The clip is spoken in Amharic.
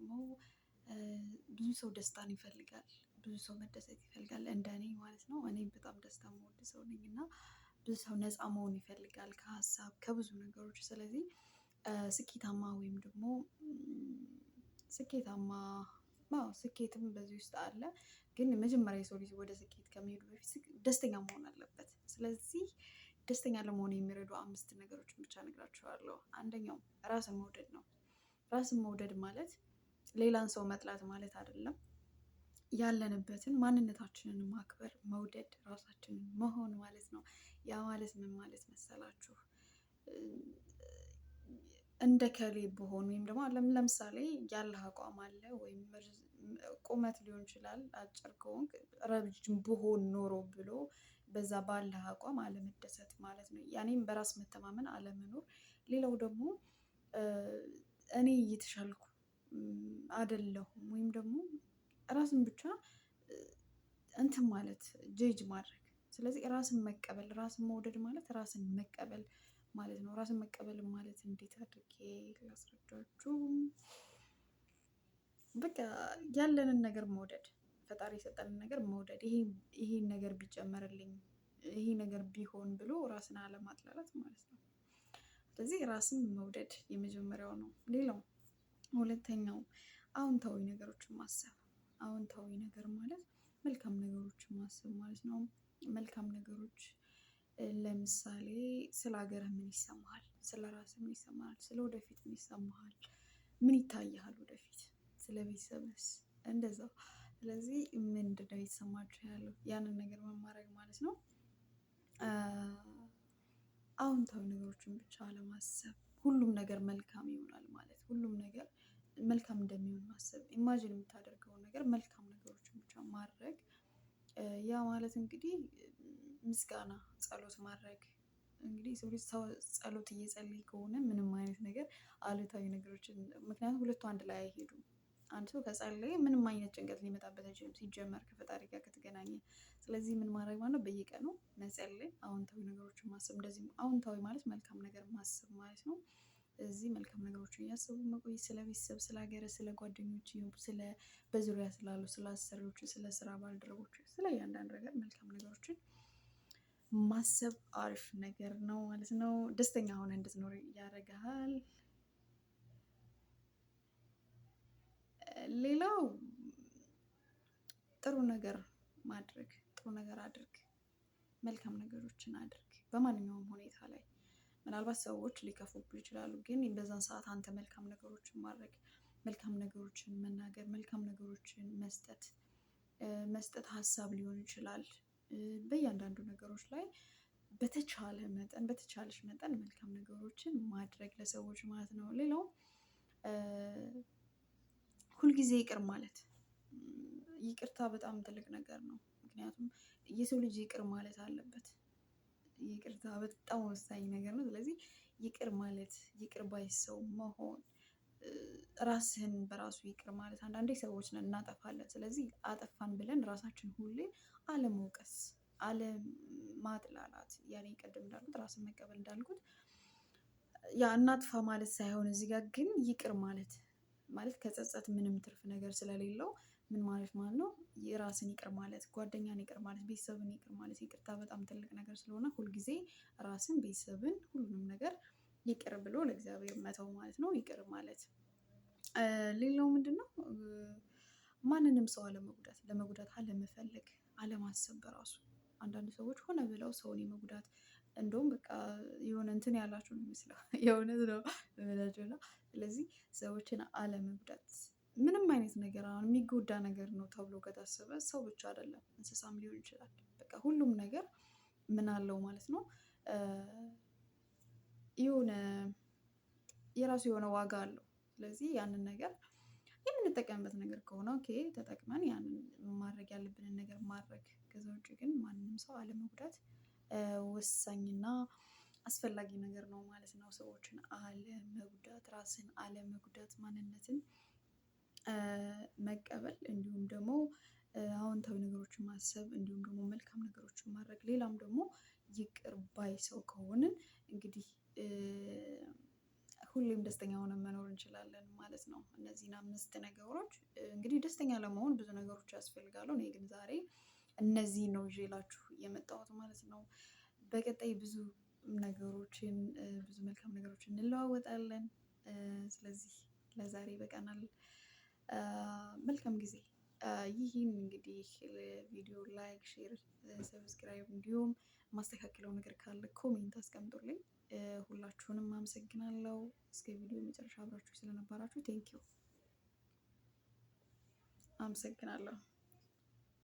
ደግሞ ብዙ ሰው ደስታን ይፈልጋል፣ ብዙ ሰው መደሰት ይፈልጋል። እንደኔ ማለት ነው። እኔ በጣም ደስታ የምወድ ሰው ነኝ እና ብዙ ሰው ነፃ መሆን ይፈልጋል ከሀሳብ ከብዙ ነገሮች። ስለዚህ ስኬታማ ወይም ደግሞ ስኬታማ ስኬትም በዚህ ውስጥ አለ። ግን መጀመሪያ የሰው ልጅ ወደ ስኬት ከመሄዱ በፊት ደስተኛ መሆን አለበት። ስለዚህ ደስተኛ ለመሆን የሚረዱ አምስት ነገሮችን ብቻ እነግራችኋለሁ። አንደኛው ራስን መውደድ ነው። ራስን መውደድ ማለት ሌላን ሰው መጥላት ማለት አይደለም። ያለንበትን ማንነታችንን ማክበር፣ መውደድ፣ ራሳችንን መሆን ማለት ነው። ያ ማለት ምን ማለት መሰላችሁ? እንደ ከሌ በሆኑ ወይም ደግሞ ለምሳሌ ያለህ አቋም አለ ወይም ቁመት ሊሆን ይችላል። አጭር ከሆንክ ረጅም ብሆን ኖሮ ብሎ በዛ ባለህ አቋም አለመደሰት ማለት ነው። ያኔም በራስ መተማመን አለመኖር። ሌላው ደግሞ እኔ እየተሻልኩ አደለሁም ወይም ደግሞ ራስን ብቻ እንትን ማለት ጀጅ ማድረግ። ስለዚህ ራስን መቀበል ራስን መውደድ ማለት ራስን መቀበል ማለት ነው። ራስን መቀበል ማለት እንዴት አድርጌ ላስረዳችሁ? በቃ ያለንን ነገር መውደድ ፈጣሪ የሰጠንን ነገር መውደድ ይሄን ነገር ቢጨመርልኝ ይሄ ነገር ቢሆን ብሎ ራስን አለማጥላላት ማለት ነው። ስለዚህ ራስን መውደድ የመጀመሪያው ነው። ሌላው ሁለተኛው አዎንታዊ ነገሮችን ማሰብ። አዎንታዊ ነገር ማለት መልካም ነገሮችን ማሰብ ማለት ነው። መልካም ነገሮች ለምሳሌ ስለ ሀገርህ ምን ይሰማሃል? ስለ ራስህ ምን ይሰማሃል? ስለ ወደፊት ምን ይሰማሃል? ምን ይታያል ወደፊት? ስለ ቤተሰብስ እንደዛው። ስለዚህ ምንድነው የተሰማችሁ ያለው ያንን ነገር መማረግ ማለት ነው። አዎንታዊ ነገሮችን ብቻ ለማሰብ? ሁሉም ነገር መልካም ይሆናል ማለት ሁሉም ነገር መልካም እንደሚሆን ማሰብ ኢማጂን የምታደርገውን ነገር መልካም ነገሮችን ብቻ ማድረግ ያ ማለት እንግዲህ ምስጋና ጸሎት ማድረግ እንግዲህ የሰው ልጅ ጸሎት እየጸለየ ከሆነ ምንም አይነት ነገር አሉታዊ ነገሮችን ምክንያቱም ሁለቱ አንድ ላይ አይሄዱም አንድ ሰው ከጸለየ ምንም አይነት ጭንቀት ሊመጣበት አይችልም፣ ሲጀመር ከፈጣሪ ጋር ከተገናኘ። ስለዚህ ምን ማድረግ ማለት ነው? በየቀኑ መጸለይ፣ አዎንታዊ ነገሮችን ማሰብ፣ እንደዚህ አዎንታዊ ማለት መልካም ነገር ማሰብ ማለት ነው። እዚህ መልካም ነገሮችን እያሰቡ መቆየት፣ ስለ ቤተሰብ፣ ስለ ሀገር፣ ስለ ጓደኞች፣ ስለ በዙሪያ ስላሉ ስለ አሰሪዎች፣ ስለ ስራ ባልደረቦች፣ ስለ እያንዳንዱ ነገር መልካም ነገሮችን ማሰብ አሪፍ ነገር ነው ማለት ነው። ደስተኛ ሆነ እንድትኖር ያደርግሃል። ሌላው ጥሩ ነገር ማድረግ ጥሩ ነገር አድርግ፣ መልካም ነገሮችን አድርግ በማንኛውም ሁኔታ ላይ። ምናልባት ሰዎች ሊከፉብህ ይችላሉ፣ ግን በዛን ሰዓት አንተ መልካም ነገሮችን ማድረግ፣ መልካም ነገሮችን መናገር፣ መልካም ነገሮችን መስጠት መስጠት ሀሳብ ሊሆን ይችላል። በእያንዳንዱ ነገሮች ላይ በተቻለ መጠን በተቻለች መጠን መልካም ነገሮችን ማድረግ ለሰዎች ማለት ነው። ሌላው ሁልጊዜ ይቅር ማለት ይቅርታ በጣም ትልቅ ነገር ነው። ምክንያቱም የሰው ልጅ ይቅር ማለት አለበት። ይቅርታ በጣም ወሳኝ ነገር ነው። ስለዚህ ይቅር ማለት ይቅር ባይ ሰው መሆን ራስህን በራሱ ይቅር ማለት አንዳንዴ ሰዎች ነን እናጠፋለን። ስለዚህ አጠፋን ብለን ራሳችን ሁሌ አለመውቀስ፣ አለማጥላላት ያኔ ቅድም እንዳልኩት ራስን መቀበል እንዳልኩት ያ እናጥፋ ማለት ሳይሆን እዚህ ጋር ግን ይቅር ማለት ማለት ከጸጸት ምንም ትርፍ ነገር ስለሌለው ምን ማለት ማለት ነው የራስን ይቅር ማለት ጓደኛን ይቅር ማለት ቤተሰብን ይቅር ማለት ይቅርታ በጣም ትልቅ ነገር ስለሆነ ሁልጊዜ ራስን ቤተሰብን ሁሉንም ነገር ይቅር ብሎ ለእግዚአብሔር መተው ማለት ነው ይቅር ማለት ሌላው ነው ማንንም ሰው አለመጉዳት ለመጉዳት አለመፈለግ አለማሰብ በራሱ አንዳንድ ሰዎች ሆነ ብለው ሰውን የመጉዳት እንደውም በቃ የሆነ እንትን ያላችሁ ነው የሚመስለው የእውነት ነው የምላቸው እና ስለዚህ ሰዎችን አለመጉዳት ምንም አይነት ነገር አሁን የሚጎዳ ነገር ነው ተብሎ ከታሰበ ሰው ብቻ አይደለም እንስሳም ሊሆን ይችላል። በቃ ሁሉም ነገር ምን አለው ማለት ነው የሆነ የራሱ የሆነ ዋጋ አለው። ስለዚህ ያንን ነገር የምንጠቀምበት ነገር ከሆነ ኦኬ ተጠቅመን ያንን ማድረግ ያለብንን ነገር ማድረግ ከዛ ውጭ ግን ማንም ሰው አለመጉዳት ወሳኝና አስፈላጊ ነገር ነው ማለት ነው። ሰዎችን አለመጉዳት ራስን አለመጉዳት ማንነትን መቀበል እንዲሁም ደግሞ አዎንታዊ ነገሮችን ማሰብ እንዲሁም ደግሞ መልካም ነገሮችን ማድረግ ሌላም ደግሞ ይቅር ባይ ሰው ከሆንን እንግዲህ ሁሌም ደስተኛ ሆነን መኖር እንችላለን ማለት ነው። እነዚህን አምስት ነገሮች እንግዲህ ደስተኛ ለመሆን ብዙ ነገሮች ያስፈልጋሉ እኔ ግን ዛሬ እነዚህ ነው ይዤላችሁ የመጣሁት ማለት ነው። በቀጣይ ብዙ ነገሮችን ብዙ መልካም ነገሮችን እንለዋወጣለን። ስለዚህ ለዛሬ ይበቃናል። መልካም ጊዜ። ይህን እንግዲህ ቪዲዮ ላይክ፣ ሼር፣ ሰብስክራይብ እንዲሁም ማስተካከለው ነገር ካለ ኮሜንት አስቀምጡልኝ። ሁላችሁንም አመሰግናለሁ። እስከ ቪዲዮ መጨረሻ አብራችሁ ስለነበራችሁ ቴንኪው አመሰግናለሁ።